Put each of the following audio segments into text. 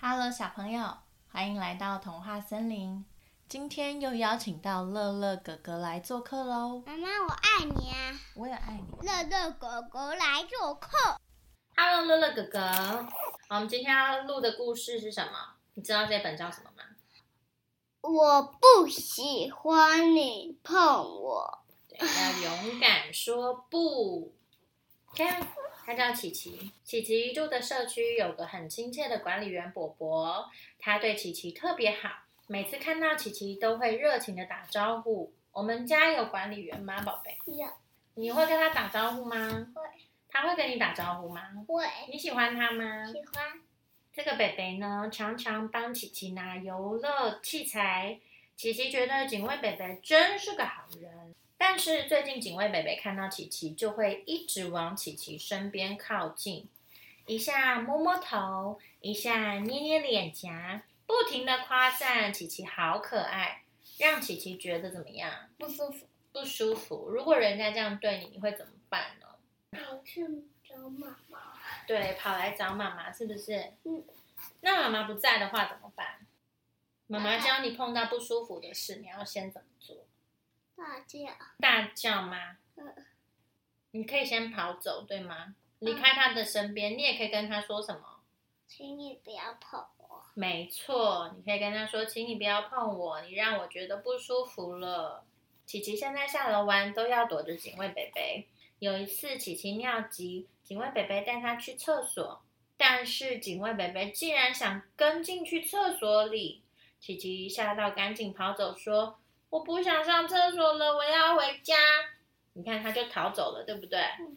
哈嘍，小朋友，歡迎來到童話森林。今天又邀請到樂樂哥哥來做客嘍！媽媽，我愛你啊。我也愛你。樂樂哥哥來做客。哈嘍，樂樂哥哥。好，我們今天要錄的故事是什麼？你知道這本叫什麼嗎？我不喜歡你碰我。對，要勇敢說不。開、Okay. 他叫琪琪，琪琪住的社區有個很親切的管理員伯伯，他對琪琪特別好，每次看到琪琪都會熱情的打招呼。我們家有管理員嗎，寶貝？有。你會跟他打招呼嗎？會。他會跟你打招呼嗎？會。你喜歡他嗎？喜歡。這個北北呢，常常幫琪琪拿遊樂器材。琪琪覺得警衛伯伯真是個好人，但是最近警衛伯伯看到琪琪就會一直往琪琪身邊靠近，一下摸摸頭，一下捏捏臉頰，不停的誇讚琪琪好可愛，讓琪琪覺得怎麼樣？不舒服，不舒服。如果人家這樣對你，你會怎麼辦呢？跑去找媽媽。對，跑來找媽媽，是不是？嗯。那媽媽不在的話怎麼辦？媽媽教你碰到不舒服的事，你要先怎麼做？大叫？大叫嗎？嗯、你可以先跑走，對嗎？離開他的身邊、嗯。你也可以跟他說什麼？請你不要碰我。沒錯，你可以跟他說：“請你不要碰我，你讓我覺得不舒服了。”琪琪現在下樓玩都要躲着警衛貝貝。有一次，琪琪尿急，警衛貝貝帶她去廁所，但是警衛貝貝竟然想跟進去廁所裡。琪琪嚇到，趕緊跑走，說：“我不想上廁所了，我要回家。”你看，他就逃走了，對不對？嗯。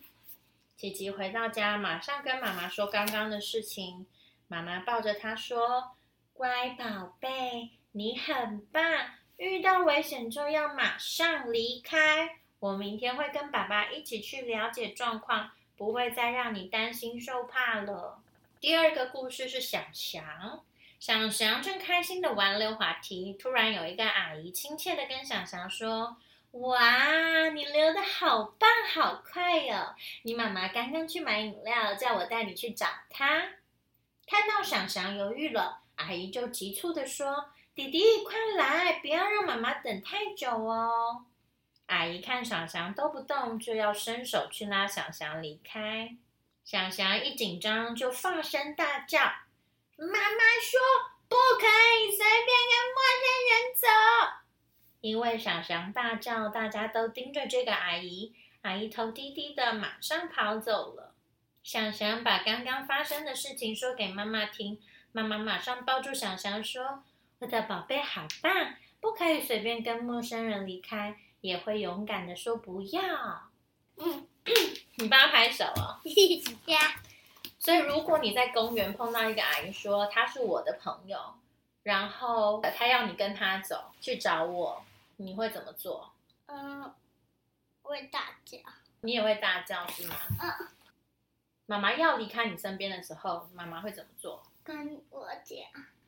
琪琪回到家，馬上跟媽媽說剛剛的事情。媽媽抱着他說：“乖寶貝，你很棒，遇到危險就要馬上離開。我明天會跟爸爸一起去了解狀況，不會再讓你擔心受怕了。”第二個故事是小強。翔翔正開心的玩溜滑梯，突然有一個阿姨親切的跟翔翔說：“哇，你溜的好棒，好快哦！你媽媽剛剛去買飲料，叫我帶你去找她。”看到翔翔猶豫了，阿姨就急促的說：“弟弟，快來，不要讓媽媽等太久哦！”阿姨看翔翔都不動，就要伸手去拉翔翔離開。翔翔一緊張就放聲大叫。媽媽說：“不可以隨便跟陌生人走，因為小翔大叫，大家都盯着這個阿姨，阿姨頭低低的，馬上跑走了。”小翔把剛剛發生的事情說給媽媽聽，媽媽馬上抱住小翔說：“我的寶貝好棒，不可以隨便跟陌生人離開，也會勇敢的說不要。”嗯， 你幫他拍手哦，謝謝。 yeah. 所以，如果你在公園碰到一個阿姨說她是我的朋友，然後她要你跟她走去找我，你會怎麼做？嗯，會大叫。你也會大叫，是嗎？嗯。媽媽要離開你身邊的時候，媽媽會怎麼做？跟我講。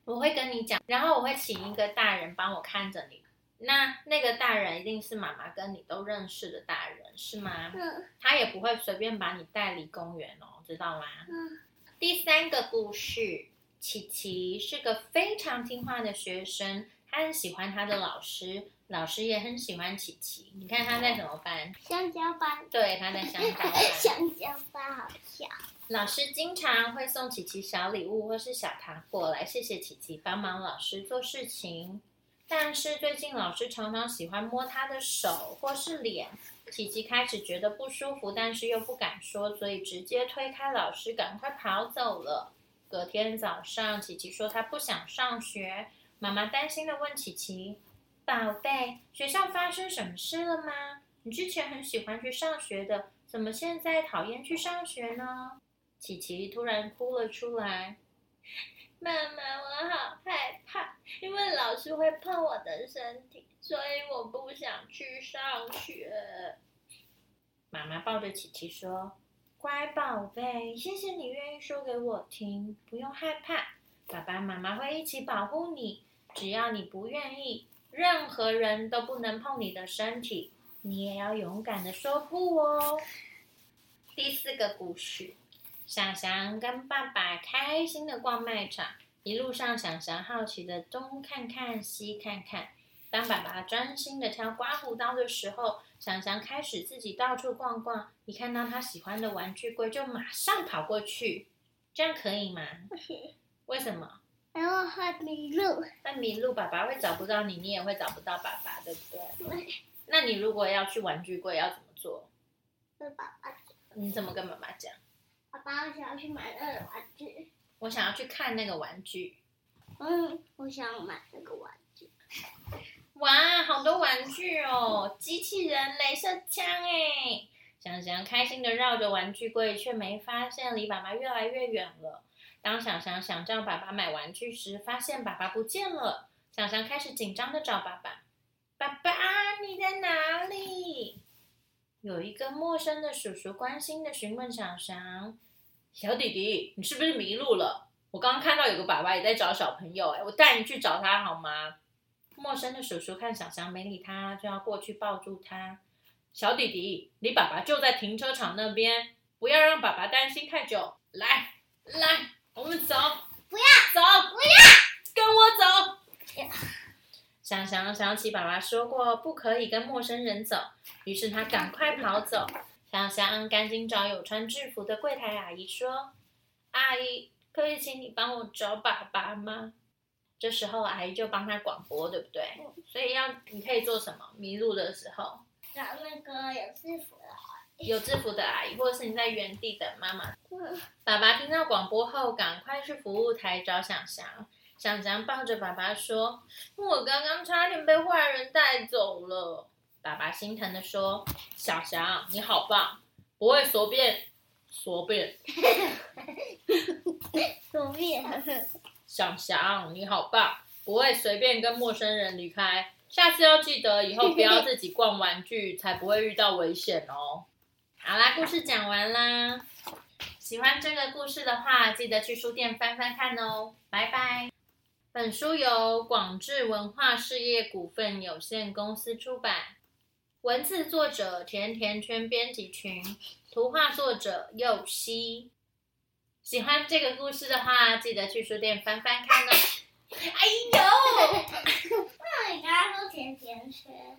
我會跟你講，然後我會請一個大人幫我看着你。那那個大人一定是媽媽跟你都認識的大人，是嗎？嗯。他也不會隨便把你帶離公園哦，知道嗎？嗯。第三個故事，琪琪是個非常聽話的學生，他很喜歡他的老師，老師也很喜歡琪琪。你看他在什麼班？香蕉班。對，他在香蕉班。香蕉班好笑。老師經常會送琪琪小禮物或是小糖果來，謝謝琪琪幫忙老師做事情。但是最近老師常常喜歡摸他的手或是臉，琪琪開始覺得不舒服，但是又不敢說，所以直接推開老師，趕快跑走了。隔天早上，琪琪說她不想上學，媽媽擔心的問琪琪：“寶貝，學校發生什麼事了嗎？你之前很喜歡去上學的，怎麼現在討厭去上學呢？”琪琪突然哭了出來，媽媽。老是會碰我的身體，所以我不想去上學。媽媽抱着琪琪說：“乖寶貝，謝謝你願意說給我聽，不用害怕，爸爸媽媽會一起保護你。只要你不願意，任何人都不能碰你的身體，你也要勇敢的說不哦。”第四個故事：小翔跟爸爸開心的逛賣場。一路上，祥祥好奇的東看看西看看。當爸爸專心的挑刮鬍刀的時候，祥祥開始自己到處逛逛。一看到他喜歡的玩具櫃，就馬上跑過去。這樣可以嗎？不、嗯、行。為什麼？因為我會迷路。會迷路，爸爸會找不到你，你也會找不到爸爸，對不對？對、嗯。那你如果要去玩具櫃，要怎麼做？跟、嗯、爸爸講。你怎麼跟媽媽講？爸爸，我想要去買那個玩具。我想要去看那個玩具，嗯，我想買那個玩具。哇，好多玩具哦！機器人、鐳射槍，哎、嗯，想想開心的繞着玩具櫃，卻沒發現離爸爸越來越遠了。當想想想叫爸爸買玩具時，發現爸爸不見了。想想開始緊張的找爸爸：“爸爸，你在哪裡？”有一個陌生的叔叔關心的詢問想想。小弟弟，你是不是迷路了？我剛剛看到有個爸爸也在找小朋友，欸、哎，我帶你去找他好嗎？陌生的叔叔看小翔沒理他，就要過去抱住他。小弟弟，你爸爸就在停車場那邊，不要讓爸爸擔心太久。來，來，我們走。不要走，不要，跟我走。翔翔想起爸爸說過不可以跟陌生人走，於是他趕快跑走。小翔趕緊找有穿制服的櫃檯阿姨說：“阿姨，可以請你幫我找爸爸嗎？”這時候阿姨就幫他廣播，對不對？嗯、所以要你可以做什麼迷路的時候？找那個有制服的阿姨，有制服的阿姨，或是你在原地等媽媽、嗯。爸爸聽到廣播後，趕快去服務台找小翔。小翔抱着爸爸說、嗯：“我剛剛差點被壞人帶走了。”爸爸心疼的說：“小翔，你好棒，不會隨便隨便隨 便小翔，你好棒，不會隨便跟陌生人離開。下次要記得，以後不要自己逛玩具， 才不會遇到危險哦。”好啦，故事講完啦。喜歡這個故事的話，記得去書店翻翻看哦。拜拜。本書由廣智文化事業股份有限公司出版。文字作者甜甜圈編輯群，圖畫作者侑希。喜歡這個故事的話，記得去書店翻翻看哦。 哎呦，你剛剛說甜甜圈？